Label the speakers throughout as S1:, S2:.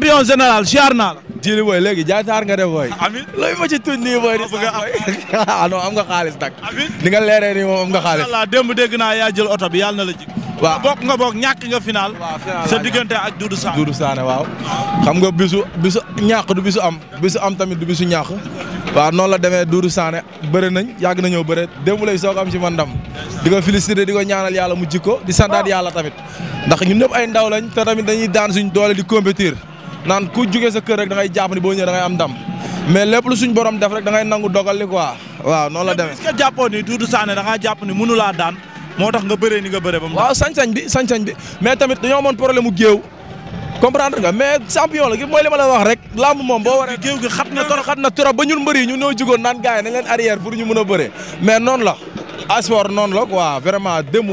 S1: champion général ziar la. jili booy léegi jaay taar nga def booy. amiin looy ma ci tuñ nii booy. di sax booy ah, non am nga xaalis nag. amiin ni nga leeree nii moom am nga xaalis. yàlla démb dégg naa yaa jël oto bi yàlla na la ji. waaw bokk nga final. waaw final ak Doudou Sané. Doudou Sané nga bisu bisu du bisu am bisu tamit du bisu ñàkk. waaw noonu la demee Doudou Sané bëre nañ yàgg nañoo bëre démb lay soog am ci man ndam di ko féliciter di ko ñaanal yàlla mu jikko di santaat yàlla tamit ndax ñun ñëpp ay ndaw lañ te tamit dañuy daan di compétir naan ku jugee sa kër rek da ngay jàpp ni boo ñëwee da ngay am ndam mais lépp lu suñ borom def rek da ngay nangu dogal li quoi waaw noonu la demee. est-ce que jàpp ni mënu laa daan moo tax nga bëree ni nga bëree ba mu. waaw sañ-sañ bi sañ tamit dañoo amoon problème mu géew comprendre nga mais champion la gi mooy li ma la wax rek lamb moom boo waree géew gi xat na trop xat na trop ba ñun mbëri ñu ñoo jugoon naan gars yi nañ leen arrière pour ñu a bëree mais noonu la asport noonu la quoi vraiment démb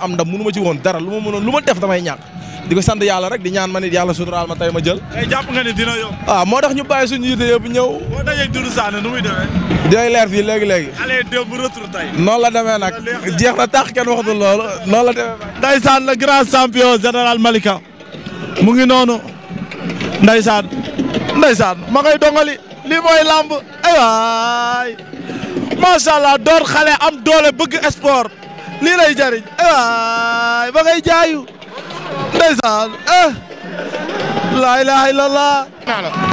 S1: am ndam mënu ma woon dara lu ma mënoon lu ma def damay ñàkk di ko sant yàlla rek di ñaan ma nit yàlla suturaal ma tey ma jël. tey eh, jàpp nga ni dina yomb. waaw ah, moo tax ñu bàyyi suñu yite yëpp ñëw. boo dajee Doudou Sané nu muy demee. dinañ leer fii léegi léegi. allez deux bu retour tey. noonu la demee nag na tax kenn waxatul loolu noonu la demee. Ndeysaan le grand champion général Malika mu ngi noonu Ndeysaan Ndeysaan ma ngay dongali lii mooy lamb ay eh waay macha allah door xale am doole bëgg sport lii lay jariñ ay eh waay ba ngay jaayu. ndeysaan eh. laa ilaaha illallah.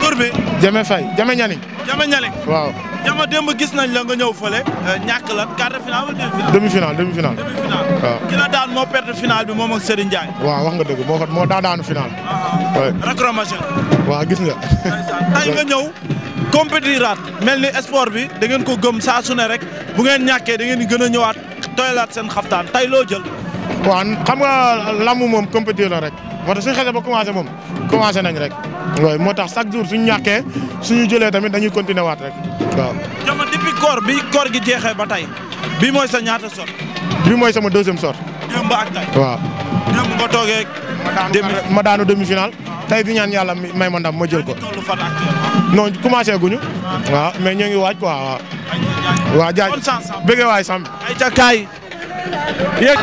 S1: tur bi. Jame Faye Jame Ñaning. Jame Ñaning. waaw. Jama démb gis nañ la nga ñëw fële. Euh, ñàkk la quart de finale wala demi daan moo perte finale bi moom ak Serigne Ndiaye. waaw wax nga dëgg moo moo daa daanu finale. Ah, ah. waaw Rakro gis nga. tay nga ñëw. compétiraat mel ni sport bi da ngeen ko gëm saa su rek bu ngeen ñàkkee da ngeen di gën a ñëwaat doyalaat seen xaftaan tay loo jël. waaw xam nga lamb moom compétir la rek moo tax suñu xasee ba commencé moom commencé nañ rek waaw moo tax chaque jour suñu ñàkkee suñu jëlee tamit dañuy continuer waat rek waaw. jamono depuis koor bi koor gi jeexee ba tey bii mooy sa ñaata sort. bi mooy sama deuxième sort. démb ak tey waaw. démb nga toogee. ma daanu demi final. tey di ñaan yàlla may ma ndam ma jël ko. non commencé guñu. Ah. waaw mais ñu ngi waaj quoi waaw. waa jaaj bëggee waay Sam. ay ca kaay yéeg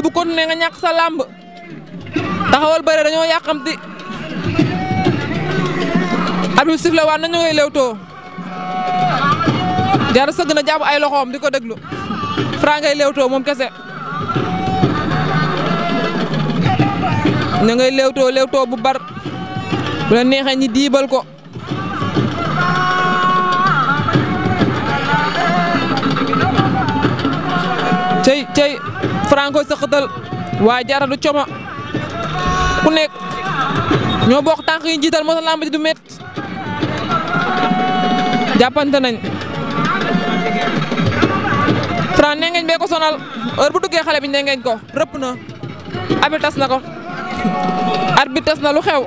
S2: lii bu continué nga ñàkk sa làmb taxawal bëre dañoo yàqamti abib sifle waat nañu ngay lewtoo Diarra sëgg na jàpp ay loxoom di ko déglu Franc ngay lewtoo moom kese ñu ngay lewtoo lewtoo bu bar bu la neexee ñi diibal ko cey cey Franc koy sëqatal waaye jaara du coma ku nekk ñoo bok tànk yi jiital moo tax lamb du met jàppante nañ Franc nengeñ bee ko sonal heure bu duggee xale bi nengeñ ko rëpp na abi na ko arbitre tas na lu xew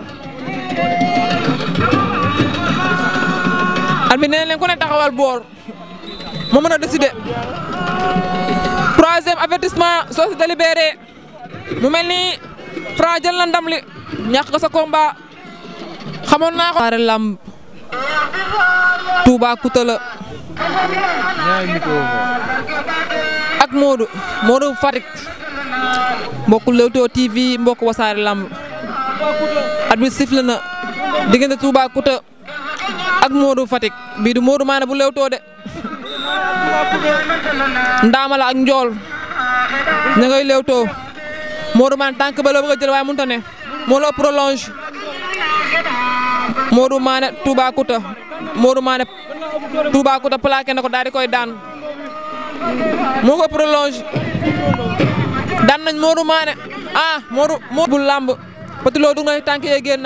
S2: arbitre nee leen ku ne taxawal boor moo mën a décider troisième avertissement soo si mu mel ni Franc jël na ndam li ñàkk nga sa combat xamoon naa ko. Wassare Lamb Touba Kouta la ak Modou Modou Fatick mbokku Leewtoo TV mbokku Wassare Lamb at bi sifle na diggante ak Modou fatik bii du Modou maana bu Leewtoo de. ndaama ak njool ña lew léewtoo Modou Mané tànk ba la bëgg a jël waaye mënut a ne moo la prolonge Modou Mané Toubacouta Modou Mané ko daal koy daan moo ko prolonge daan nañ Modou Mané ah Modou làmb Petit Lo dugg na tànk yee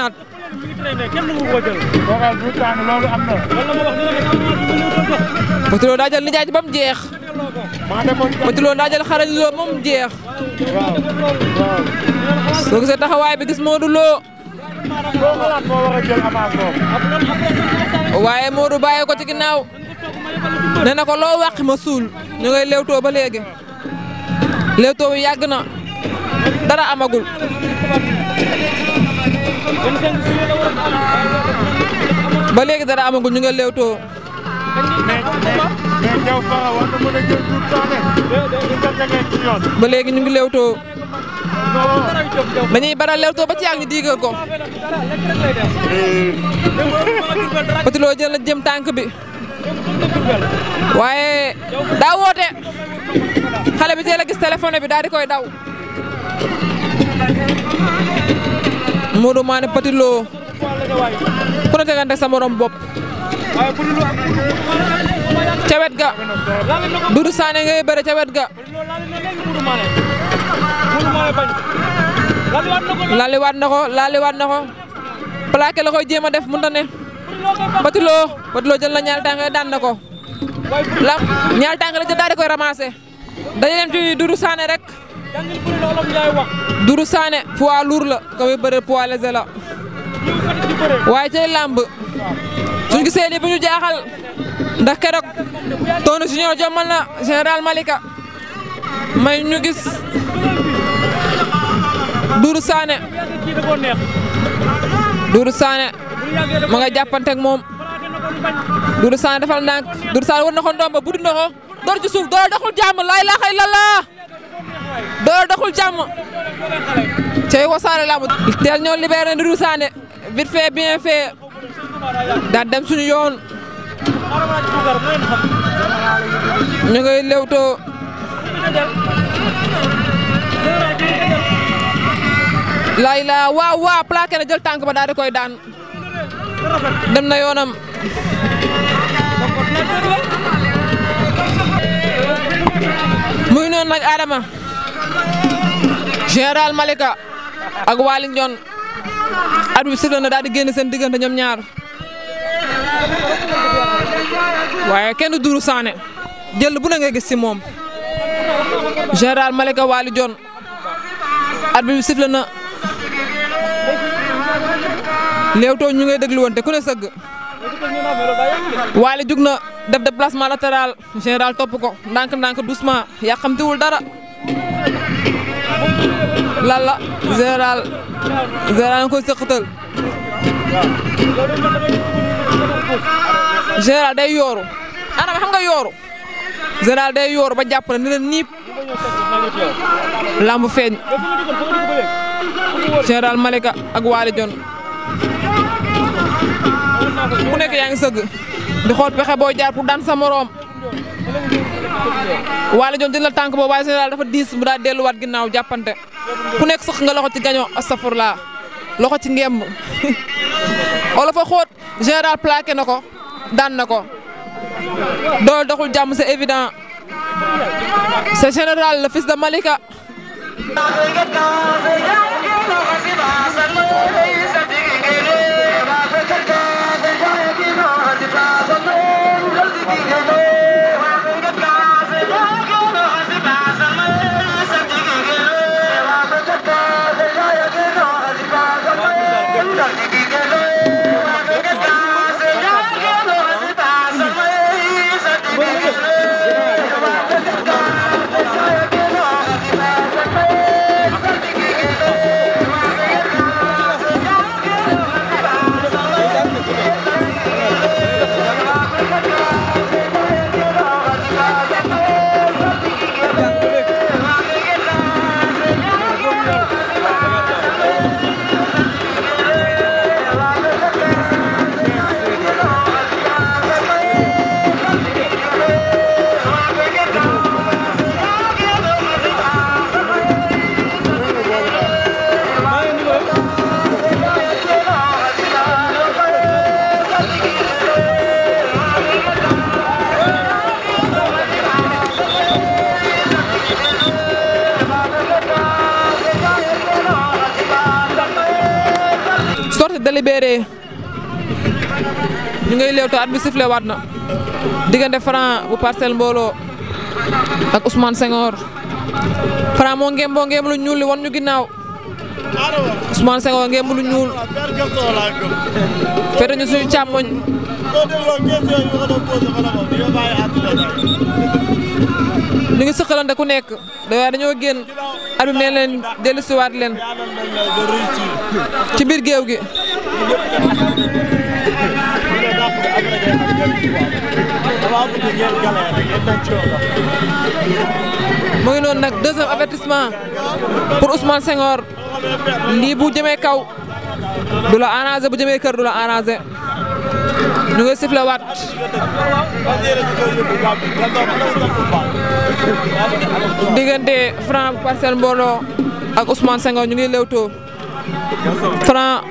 S2: Patuloo daa jël nijaay ba mu jeex. Patuloo daa jël xarañ loo ba mu jeex. soo gisee taxawaay bi gis Modou loo waaye Modou bàyyi ko ci ginnaaw. nee na ko loo wàq ma suul ñu ngay léewtoo ba léegi. léewtoo bi yàgg na dara amagul. ba léegi dara amagul ñu ngay léewtoo. ba léegi ñu ngi lewtoo dañuy baral lewtoo ba ci yàgg ñu diigal ko Petit jël na jëm tànk bi waaye daa woote xale bi teel a gis téléphone bi daal di koy daw Modou Mané Petit Lo ku ne tegante sa morom bopp ca wet ga Doudou saane ngay bëre ca wet ga laaliwaat na ko laaliwaat na ko plaqué la koy jéem def mënta ne batuloo batuloo jël na ñaari tànk la daan na ko la ñaari tànk la jël daal koy ramassé dañu dem ci Doudou Sané rek Doudou saane poids lourd la ko muy bëre poids léger la waaye ci làmb gisee ni bu ñu ndax keroog Tonnerre Junior jommal na ñu gis Dourou Sané Dourou ma nga jàppanteeg moom Dourou Sané defal ndànk Dourou Sané war na ko ndomba buddi na ko door ci door doxul jàmm lay la xay door doxul jàmm cey Wassare Lamb teel ñoo libéré Dourou Sané vite fait bien fait daal dem suñu yoon ñu ngay lewtoo laay laa waaw na jël tànk ba daal koy daan dem na yoonam muy noonu nag Adama général Malika ak Waly Ndione at bi sifle na di génn seen diggante ñoom ñaar waaye kenn Doudou Sané jël bu na nga gis ci moom général Malika Waly Dione arbitre bi sifflé na Leewtoo ñu ngay déglu wante ku ne sëgg Waly jug na def déplacement latéral général topp ko ndànk-ndànk doucement yàqamtiwul dara lan la général général nga koy général day yooru ana xam nga yooru général day yooru ba jàpp ne leen niip lamb feeñ général Malika ak Waly Dione nekk yaa ngi sëgg di xool pexe boo jaar pour daan sa moroom Waly Dione dina tànk boobu waaye général dafa diis mu daal delluwaat ginnaaw jàppante ku nekk sax nga loxo ci gañoo astafurlaa loxo ci ngemb olof a xóot général plaqué na ko. daan na ko dool doxul jàmm c'est évident c'est général le fils de Malika libéré ñu ngay leewtoo at bi waat na diggante Franc bu parcelle mbooloo ak Ousmane Senghor Franc moo ngéem boo ngéem lu ñuul li ñu ginnaaw Ousmane Senghor ngéem lu ñuul fete ñu suñu càmmoñ ñu ngi sëqalante ku nekk waaye dañoo génn at bi nee leen dellusiwaat leen ci biir géew gi. mu ngi noonu nag deuxième avertissement pour Ousmane Senghor lii bu jëmee kaw du la arrangé bu jëmee kër du la arrangé ñu ngi siflewaat. diggante Franc Parcelles Mbooloo ak Ousmane Senghor ñu ngi lewtoo Franc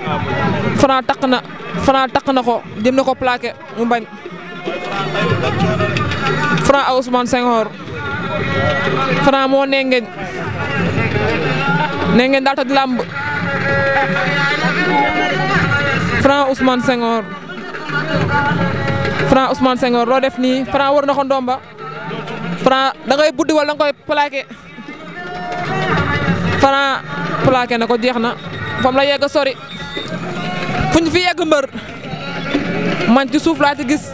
S2: Franc takk na Franc takk na ko jëm na ko plaqué mu bañ Franc ak Ousmane Senghor Franc moo nengeñ nengeñ daal toj làmb Franc Ousmane Senghor Franc Ousmane Senghor loo def nii Franc war na ko ndomba Franc da ngay buddi wala da nga koy plaqué Franc plaqué na ko jeex na fam la yegg sori fu ñu fi yegg mbër man ci suuf laa ci gis.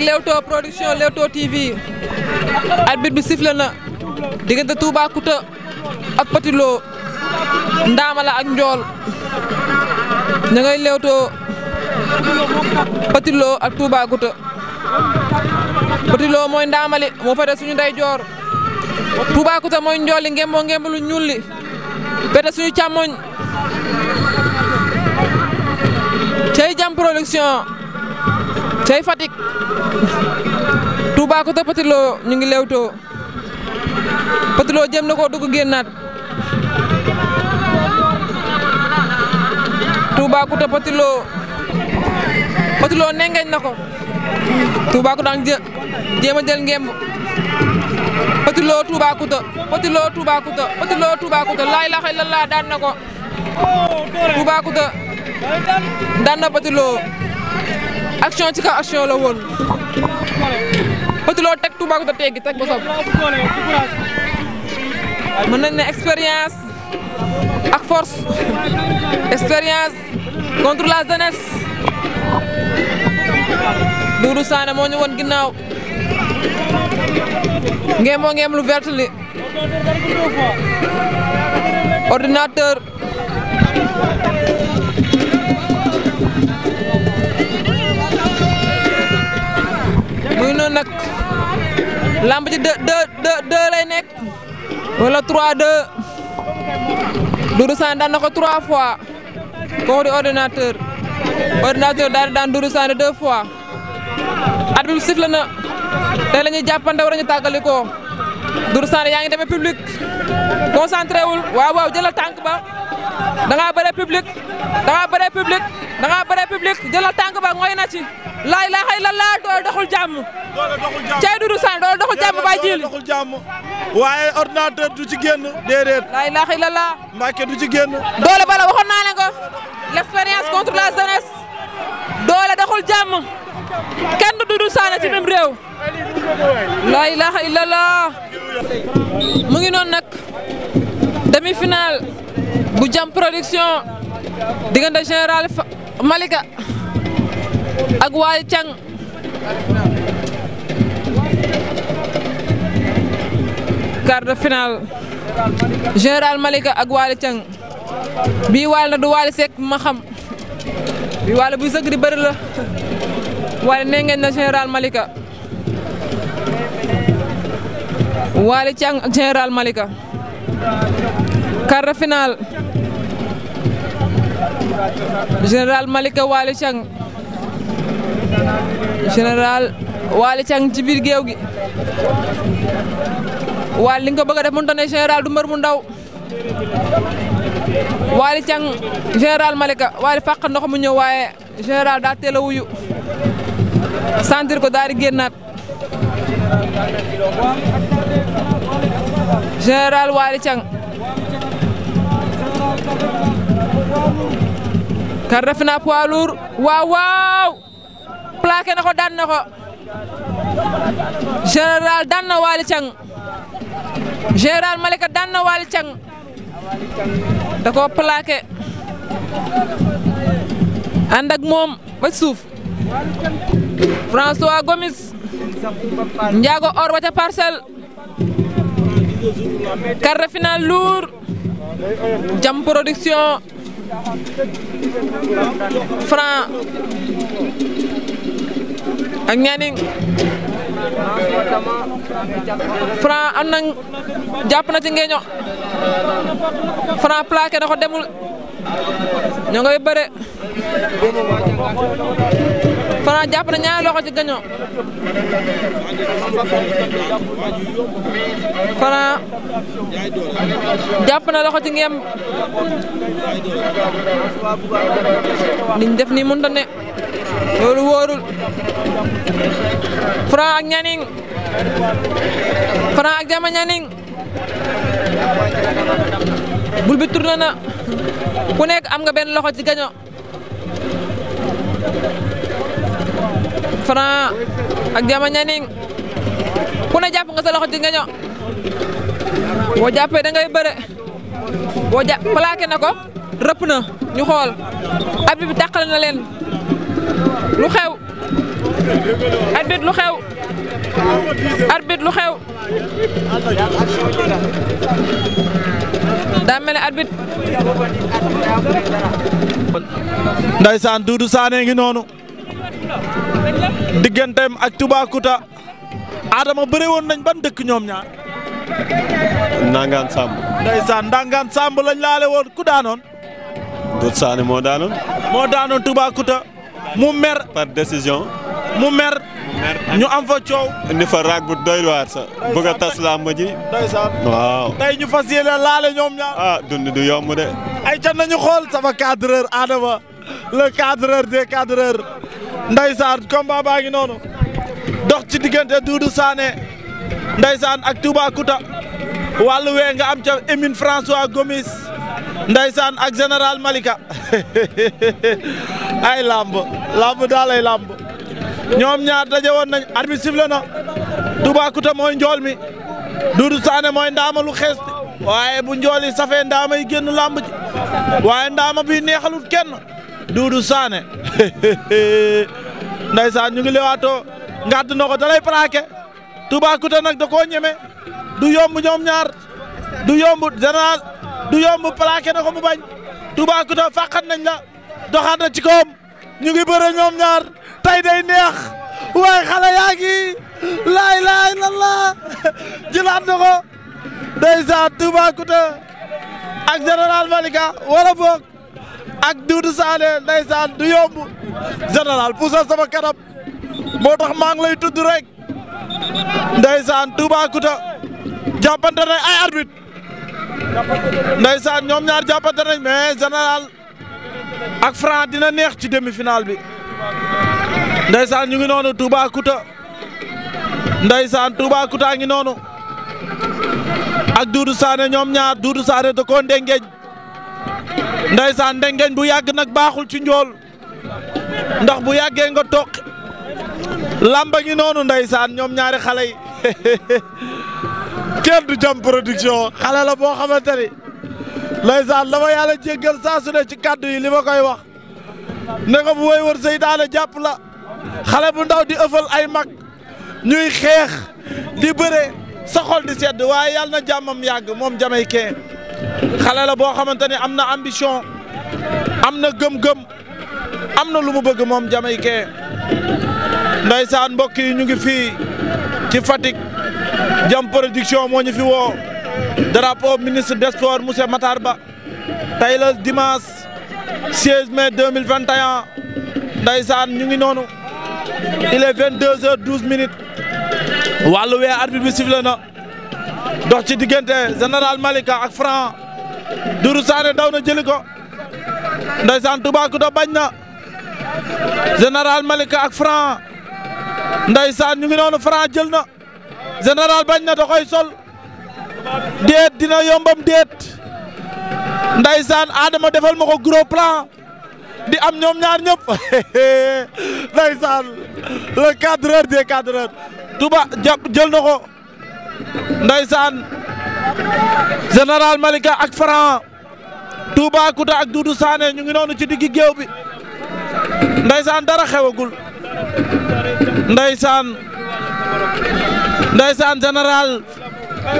S2: ak Leewtoo production Leewtoo TV arbitre bi sifflé na diggante Toubacouta ak Petit Lo Ndaama ak Njool ña ngay Leewtoo Petit Lo ak Toubacouta Petit Lo mooy ndaamali moo fete suñu day joor Toubacouta mooy njool li ngemboo ngembalu ñuul li fete suñu càmmoñ cey jam production tey fatik Toubacouta Petit ñu ngi lewtoo Petit Lo na koo dugg génnaat Toubacouta Petit Lo Petit Lo nengeñ na ko Toubacouta ngi jéem a jël ngemb Petit Lo Toubacouta Petit Lo Toubacouta Petit Lo Toubacouta laay laxay daan na ko Toubacouta daan na Petit action ci kaw action la woon. Petit Lo teg Toubacouta teggi teg ba soog. mën nañ ne expérience ak force expérience contre la jeunesse. Doudou Sané moo ñu woon ginnaaw. ngeem moo ngeem lu vert li muy noonu nag lamb ji deux deux deux lay nekk wala trois deux Doudou Sané daan na ko trois fois kooku di ordinateur ordinateur daal di daan Doudou Sané deux fois at bi sifle na te la ñuy jàppante war tàggalikoo Doudou Sané yaa ngi demee public concentré wul jëlal tànk ba. da ngaa bëre public da ngaa bëre public da ngaa bëre public jëlal ba ngooy na ci laay la xëy la doxul jàmm
S1: cey dudu san dool doxul jàmm ba jil waaye ordinateur
S2: du ci génn déedéet laay la xëy laa Mbàkke du ci génn doole bala waxoon naa ne ko l'expérience contre la jeunesse doole doxul jàmm kenn du dudu ci même réew laa ilaha illallah mu ngi noon nag demi bu jam production diggante général Malika ak waay Cang quart finale général Malika ak Waly Cang bi Waly na du Waly Seck ma xam bii Waly buy sëgg di bëri la Waly nee ngeen na général Malika Waly Cang ak général Malika quart de finale général Malika Waly Thiam général Waly Thiam ci biir géew gi Waly li nga ko bëgg a def mënut a ne général du mbër mu ndaw Waly Thiam général Malika Waly fàq ndox mu ñëw waaye général daa teel wuyu sentir ko daal di génnaat général Waly Thiam. Kar Rafina poids lourd waaw waaw plaqué na ko daan na ko général daan na Waly Thiam général Malika daan na Waly Thiam da koo plaqué ànd ak moom ba suuf François Gomis Ndiago or ba ca de finale lourd Jam Production Franc ak Nianing Franc am na jàpp na ci ngeeño Franc plaqué na ko demul ñoo ngay bëre Franc jàpp na ñaari loxo ci gaño Franc jàpp na loxo ci ngeem liñ def nii mënut a ne loolu wóorul Franc ak ñaning Franc ak jama ñaning bul bi tourné na ku nekk am nga benn loxo ci gaño Franc ak Diama Nianing ku ne jàpp nga sa loxo ci ngeño boo jàppee da ngay bëre boo jàpp na ko rëpp na ñu xool arbitre bi tàqal na leen lu xew arbitre lu xew arbitre lu xew daa mel ne arbitre
S1: ndeysaan Doudou Sané ngi noonu digganteem ak Toubacouta aadama bëre woon nañ ban dëkk ñoom ñaar. Ndangaan Samb. Ndangaan Samb lañ laale woon ku daanoon. Doudou Sané moo daanoon. moo daanoon Toubacouta mu mer. par décision. mu mer. ñu am fa coow. indi fa raag bu doy sa bëgg tas làmb ji. waaw. tey ñu fas yéene laale ñoom ñaar. ah du yomb de. ay ca nañu xool sama cadreur Adama. le cadreur des cadreurs ndaysaan combat baa ngi noonu dox ci diggante Doudou Sané ndaysaan ak Toubacouta wàllu wee nga am ca Émine François Gomis ndaysaan ak général Malika ay lamb lamb daal ay lamb ñoom ñaar daje woon nañ arbitre sifflé na Toubacouta mooy njool mi Doudou Sané mooy ndaamalu xees waaye bu njool yi safee ndaama yi génn lamb ji waaye ndaama bi neexalut kenn Doudou Sané ndeysaan ñu ngi lewaatoo ngàdd na ko da lay plaqué Toubacouta nag da ñeme du yomb ñoom ñaar du yomb général du yomb plaqué na ko mu bañ Toubacouta nañ la doxaat na ci koom ñu ngi bëre ñoom ñaar tey day neex waaye xale yaa ngi laay laay lan la jëlaat na ko ndeysaan Toubacouta ak général Malika wala boog ak Doudou Sané ndeysaan du yomb général puusal sama kanam moo tax maa lay tudd rek ndeysaan Toubacouta jàppante nañ ay arbitre ndeysaan ñoom ñaar jàppante nañ mais ak Franc dina neex ci demi-finale bi ndeysaan ñu ngi noonu Toubacouta ndeysaan Toubacouta ngi noonu ak Doudou saane ñoom ñaar Doudou Sané da koo ndeysaan ndengeñ bu yàgg nag baaxul ci njool ndax bu yàggee nga toq lamba ngi noonu ndeysaan ñoom ñaari xale yi kenn du jam production xale la boo xamante ni ndeysaan dama yàlla jéggal saa su ci kàddu yi li ma koy wax ne ko bu seytaane jàpp la xale bu ndaw di ëffal ay mag ñuy xeex di bëre sa xol di sedd waaye yàlla na jàmmam yàgg moom jamay kee xale la boo xamante ne am na ambition am na gëm-gëm am na lu mu bëgg moom Jamaïcain ndaysaan mbokk yi ñu ngi fii ci Fatick Jam Production moo ñu fi woo drapeau ministre des sports monsieur Matar Ba tey la dimanche 16 mai 2021 ndaysaan ñu ngi noonu il est 22 heures 12 minutes wàllu wee arbitre bi sifflé na. dox ci diggante général Malika ak Franc Dourou Sané daw na jëli ko ndeysaan Toubacouta bañ na général Malika ak Franc ndeysaan ñu ngi noonu Franc jël na général bañ na da koy sol déet dina yombam déet ndeysaan Adama defal ma ko gros plan di am ñoom ñaar ñëpp ndeysaan le cadreur des cadreurs Touba jàpp jël na ko ndeysaan général Malika ak Franc Toubacouta ak Doudou Sané ñu ngi noonu ci diggi géew bi ndeysaan dara xewagul ndeysaan ndeysaan général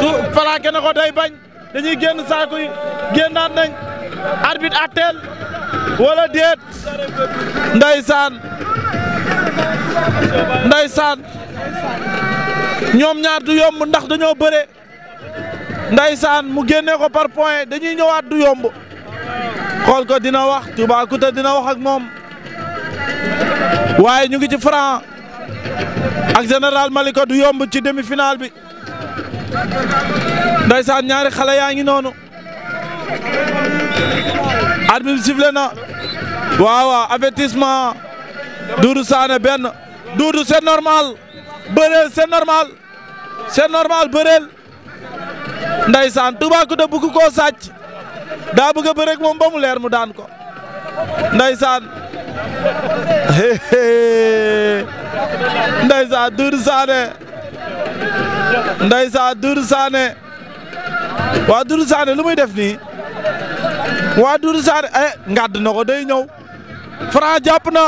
S1: tu plaqué na ko bañ dañuy génn saako yi génnaat nañ arbitre atteel wala déet ndeysaan ndeysaan ñoom ñaar du yomb ndax dañoo bëre ndaysaan mu génnee ko par point dañuy ñëwaat du yomb xool ko dina wax Toubacouta dina wax ak moom waaye ñu ngi ci Franc ak général Malika du yomb ci demi-finale bi ndaysaan ñaari xale yaa ngi noonu arbitre bi sifflé na waaw avertissement du Sané benn Doudou normal bëreel c'est normal c'est normal bëreel ndaysaan Toubacouta bëgg koo sàcc daa bëgg a bëre ak moom ba mu leer mu daan ko ndaysaan ndaysaan Doudou Sané ndaysaan Doudou Sané waa Doudou Sané lu muy def nii waa Doudou Sané eh ngàdd na ko day ñëw Franc na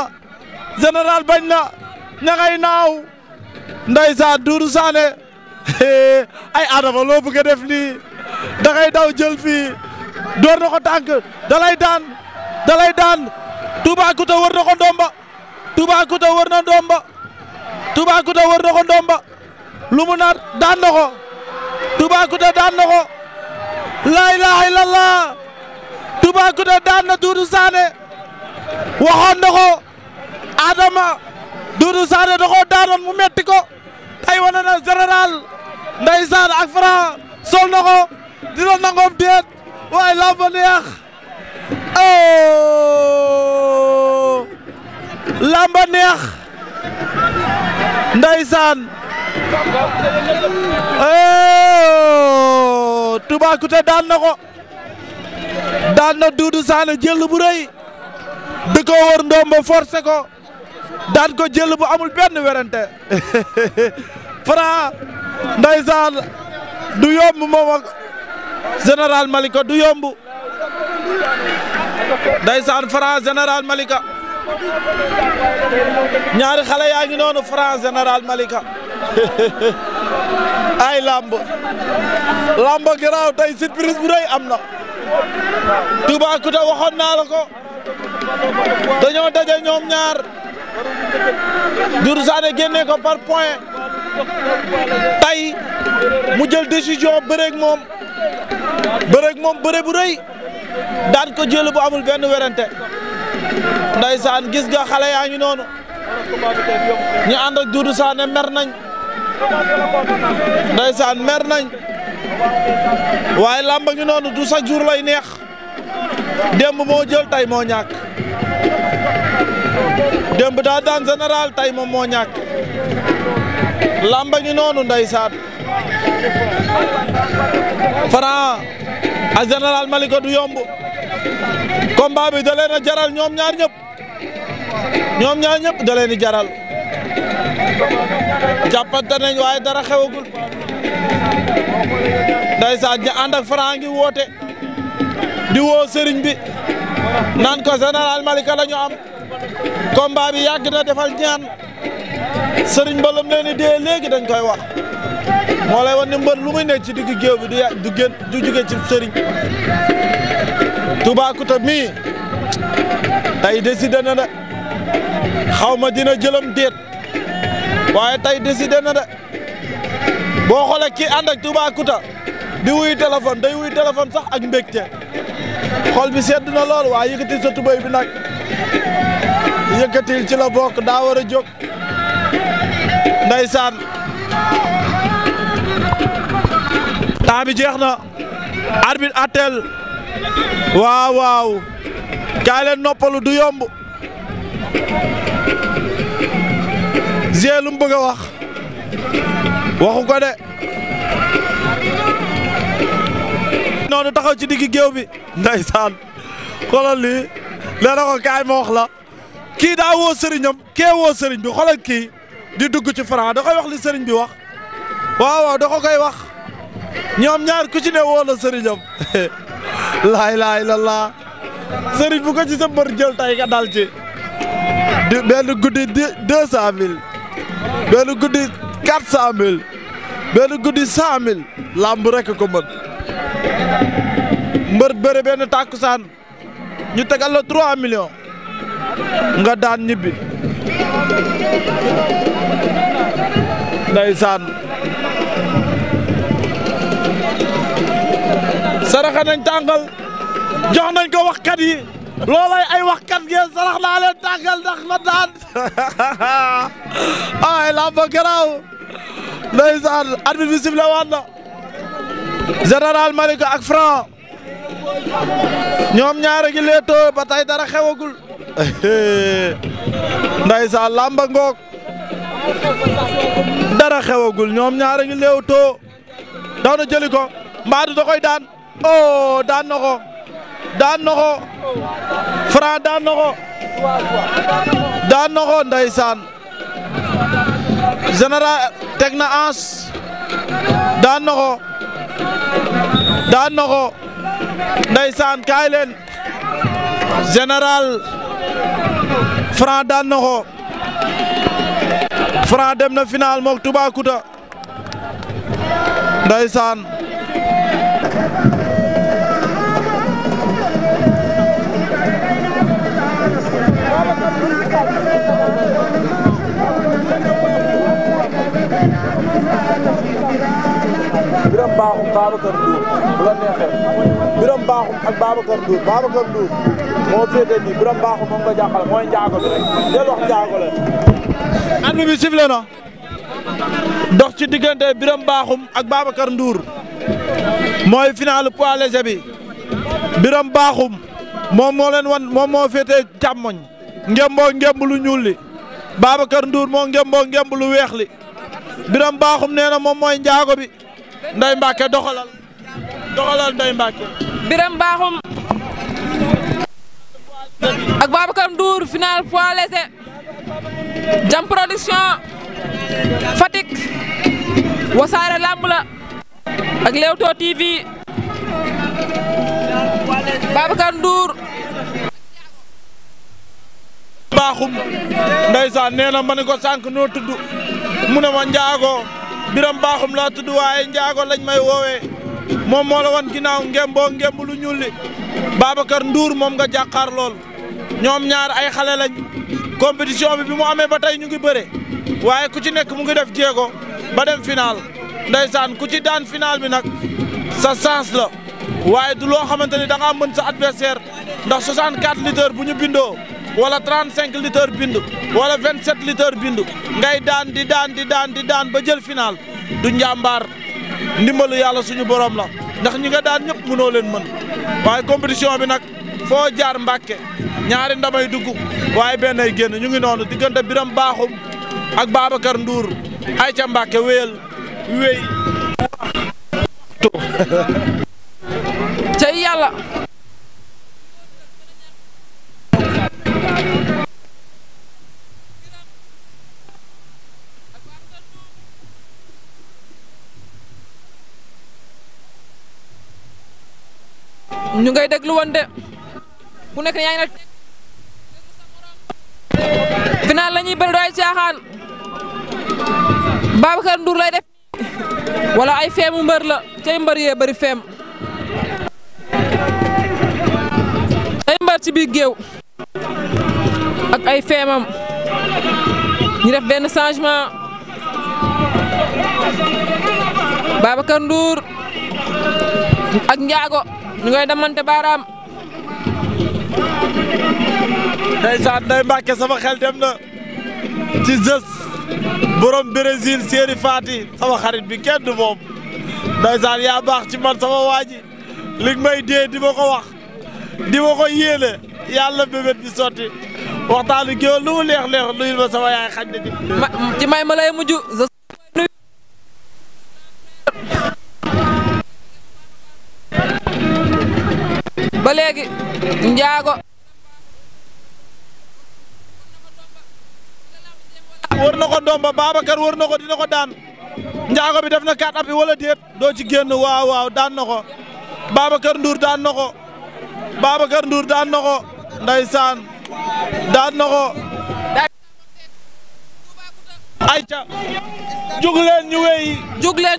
S1: général bañ na ña naaw ndeysaan Doudou Sané ay Adama loo bëgg def lii da daw jël fii door na ko tànk dalay daan dalay daan Toubacouta wër na ko ndomba Toubacouta wër na ndomba Toubacouta wër na ko ndomba lu mu nar daan na ko Toubacouta daan na ko laa ilaaha illallah daan na Doudou Sané waxoon na ko Adama Doudou Sané da koo daanoon mu metti ko tey wane na général ak Franc sol na ko dina nangoom déet waaye làmb neex oh neex ndeysaan oh Toubacouta daan na ko daan na Doudou Sané jël bu rëy ndoom ba forcé ko. daan ko jël bu amul benn werante Franc ndeysaan du yomb moom ak général Malika du yomb ndeysaan Franc général Malika ñaari xale yaa ngi noonu Franc général Malika ay lamb lamb garaaw tey surprise bu am na Toubacouta waxoon naa ko dañoo daje ñoom ñaar Doudou Sané génne ko par point tay mu jël décision bëreeg moom bëreeg moom bëre bu rëy daan ko jël bu amul benn werante ndaysaan gis nga xale yaa ngi noonu ñu ànd ak Doudou Sané mer nañ ndaysaan mer nañ waaye làmba ngi noonu du chaque jour lay neex démb moo jël tay moo ñàkk démb daa général tey moom moo ñàkk lamba ngi noonu ndeysaan Franc ak général Malika du yomb combat bi da a jaral ñoom ñaar ñëpp ñoom ñaar ñëpp da jaral jàppante nañ waaye dara xewagul ndeysaan ña ànd ak Franc ngi woote di woo sëriñ bi naan ko général Malika am. combat bi yàgg na defal ñaan sëriñ ba lam di dee léegi dañ koy wax moo lay wan ne mbër lu ne ci digg géew bi du du gén du jóge ci sëriñ Toubacouta mii tey décidé na de xaw ma dina jëlam déet waaye tey décidé na de boo xoolee kii ànd ak Toubacouta di wuy téléphone day wuy téléphone sax ak mbégte xol bi sedd na lool waaye yëkkati sa tubéy bi nag yëkkatil ci la bokk daa war a jóg ndeysaan temps bi jeex na arbitre attel waaw waaw kaay leen noppalu du yomb Zier lu wax waxu ko de noonu taxaw ci diggi géew bi ndeysaan xoolal lii nee na ko kaay ma wax kii daa woo sëriñam kee woo sëriñ bi xoolal kii di dugg ci Franc da koy wax sëriñ bi wax waaw waaw koy wax ñoom ñaar ku ci ne woo la sëriñam laay laay la sëriñ bu ci sa mbër jël ka dal ci di benn guddi deux benn guddi quatre cent mille benn ko mën mbër bëre benn tàkkusaan ñu tegal la trois millions nga daan ñibbi ndeysaan saraxa nañ tàngal jox nañ ko wax yi loolay ay waxkat ngeen sarax naa leen tàngal ndax ma daan ay làmb garaaw ndeysaan arbitre bi sifflé na général Malika ak Franc ñoom ñaar gi leetoo ba tey dara xewagul ndeysaan làmba ngoog dara xewagul ñoom ñaar gi leewtoo daw na jëli mbaadu da koy daan oh daan na ko daan na ko daan na daan na ko ndeysaan général teg na ans daan na daan na ndeysaan kaay leen général Franc daan na ko Franc dem na final mook Biram Bakhoum Babacar Ndour bu la neexee Biram Bakhoum ak Biram Bakhoum moom nga jàppale mooy njaago bi rek del wax njaago la. ànd bi sifle na dox ci diggante Biram Bakhoum ak Babacar Ndour mooy final poids léger bi Biram Bakhoum moom moo leen wan moom moo féete càmmoñ ngemboo ngemb lu ñuul li Babacar moo ngemboo ngemb lu weex li Biram Bakhoum nee moom mooy njaago bi. Ndeye Mbacke doxalal doxalal Ndeye
S2: Mbacke. Biram Bakhoum. ak Babacar Ndour final poids Jam Production Fatick Wassare Lamb ak Leewtoo TV Babacar Ndour
S1: Bakhoum ndeysaan nee na ma ne ko sànq noo mu ne ma njaago biram baaxum laa tudd waaye njaago lañ may woowee moom moo la woon ginnaaw ngemboo ngemb lu ñuul li kër nduur moom nga jàkkaar lool ñoom ñaar ay xale lañ compétition bi bi mu amee ba tey ñu ngi bëre waaye ku ci nekk mu ngi def jéego ba dem final ndeysaan ku ci daan final bi nag sa chance la waaye du loo xamante ni da ngaa mën sa adversaire ndax 64 litres bu ñu bindoo wala 35 litres bindu wala 27 litres bindu ngay daan di daan di daan di daan ba jël final du njàmbaar ndimbalu yàlla suñu borom la ndax ñi nga daan ñëpp mënoo leen mën waaye compétition bi nag foo jaar Mbàkke ñaari ndamay dugg waaye benn ay génn ñu ngi noonu diggante Biram Baaxum ak Babacar Ndour ay ca Mbàkke wéyal wéy.
S2: tey yàlla. ñu ngay déglu woon de ku nekk yaa ngi ne final la lay def wala ay feemu mbër la cay mbër yee bëri feem cay mbër ci biir géew ak ay feemam ñu def benn changement Babacar Ndour ak Ndiago ñu ngay demante baaraam.
S1: ndeysaan Ndeye Mbacke sama xel dem na ci Zeus borom Brésil Séeri Faati sama xarit bi kenn du moom ndeysaan yaa baax ci man sama waa ji may dee di ko wax di ma ko yéene yàlla bébét bi sotti
S2: waxtaanu géwél lu mu leex leex luyul ma sama yaay xaj na ci. may ma lay mujj. ba léegi njaago
S1: wër na ko domba Babacar wër na ko dina ko daan njaago bi def na kat appi wala déet doo ci génn waaw waaw daan na ko Babacar Ndour daan na ko Babacar Ndour daan na ko ndeysaan daan na ko jug leen ñu wéy jug leen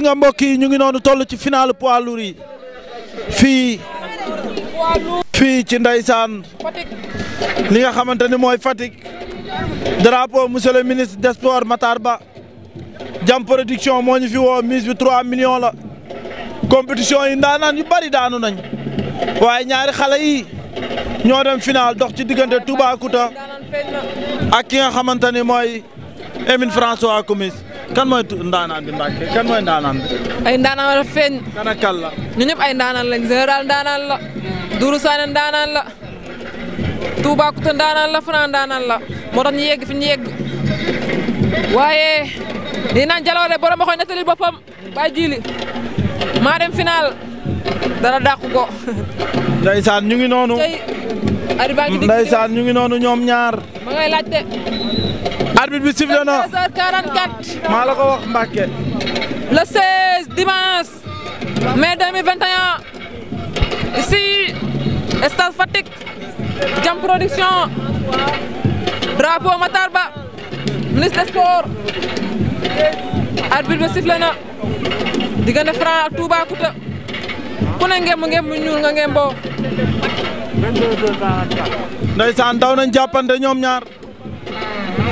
S1: gis nga mbokk yi ñu ngi noonu toll ci final poids lourd yi fii fii ci ndeysaan li nga xamante ni mooy Fatick drapeau monsieur le ministre des sports Matar Ba jam production moo ñu fi woo mise bi 3 millions la compétition yi ndaanaan yi bari daanu nañ waaye ñaari xale yi ñoo dem final dox ci diggante Toubacouta ak ki nga xamante ni mooy Emine François Gomis kan mooy ndaanaan bi ndaanaan
S2: ay ndaanaan wala feeñ. kan ak la. ñu ñëpp ay ndaanaan lañ général ndaanaan la. Dourou ndaanaan la. Toubacouta ndaanaan la Franc ndaanaan la moo tax ñu yegg fi ñu yegg waaye di naan jaloore borom koy nettali boppam bàyyi jiili maa dem final dara dàqu ko.
S1: Ndeysaan ñu ngi noonu. Ndeysaan ñu ngi noonu ñoom ñaar. ma ngay laajte. arbitre
S2: bi sifflé na 13h44. maa la ko wax Mbacke. le 16 dimanche mai 2021 ici stade Fatick Jam Production drapeau Matar Ba ministre des sports arbitre bi sifflé na diggante Franc ak ku ne ngemb ngemb mu nga ngemboo. 22h44.
S1: ndeysaan nañ jàppante ñoom ñaar.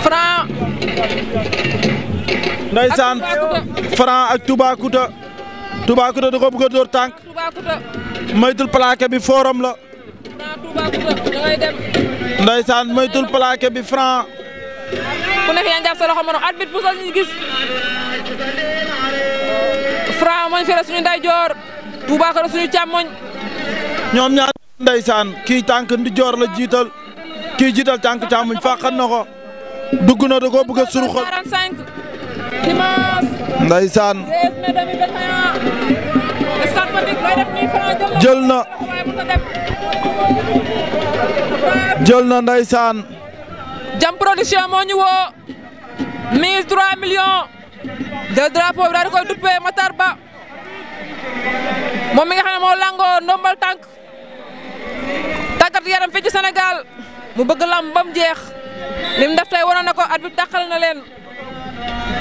S1: Franc ndeysaan Franc ak Toubacouta Toubacouta da ko bëgg a dóor tànk maytul plaqué bi forum la ndeysaan maytul plaqué bi Franc
S2: ku nekk yaa ngi jàpp sa loxo morom arbitre bu ñu gis Franc mooñ fere suñu ndeyjoor Toubacouta suñu càmmoñ
S1: ñoom ñaar ndeysaan kii tànk ndijoor la jiital kii jiital tànk càmmoñ fàqan na ko dugg na da koo bëgg a suruxal. Ndeysaan. jël na. jël na Ndeysaan.
S2: Jam production moo ñu woo. mise 3 millions. koy duppee Matar Ba. moom mi nga moo langoo ndombal tànk. tàggat yaram fii ci Sénégal. mu bëgg lamb ba jeex. lim def tey waroon na ko at bi tàqal na leen.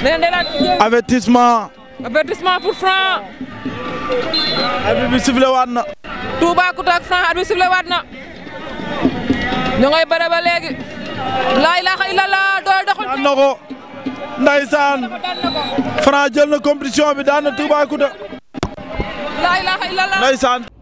S2: nee na
S1: avertissement.
S2: avertissement pour Franc. arbitre bi sifflé waat na. Toubacouta ak Franc arbitre bi sifflé waat ba léegi. laa ilaaha illallaah doole doxul. daan na ko ndeysaan.
S1: Franc jël na compétition bi daan na Toubacouta.
S2: laa ilaaha illallaah
S1: ndeysaan.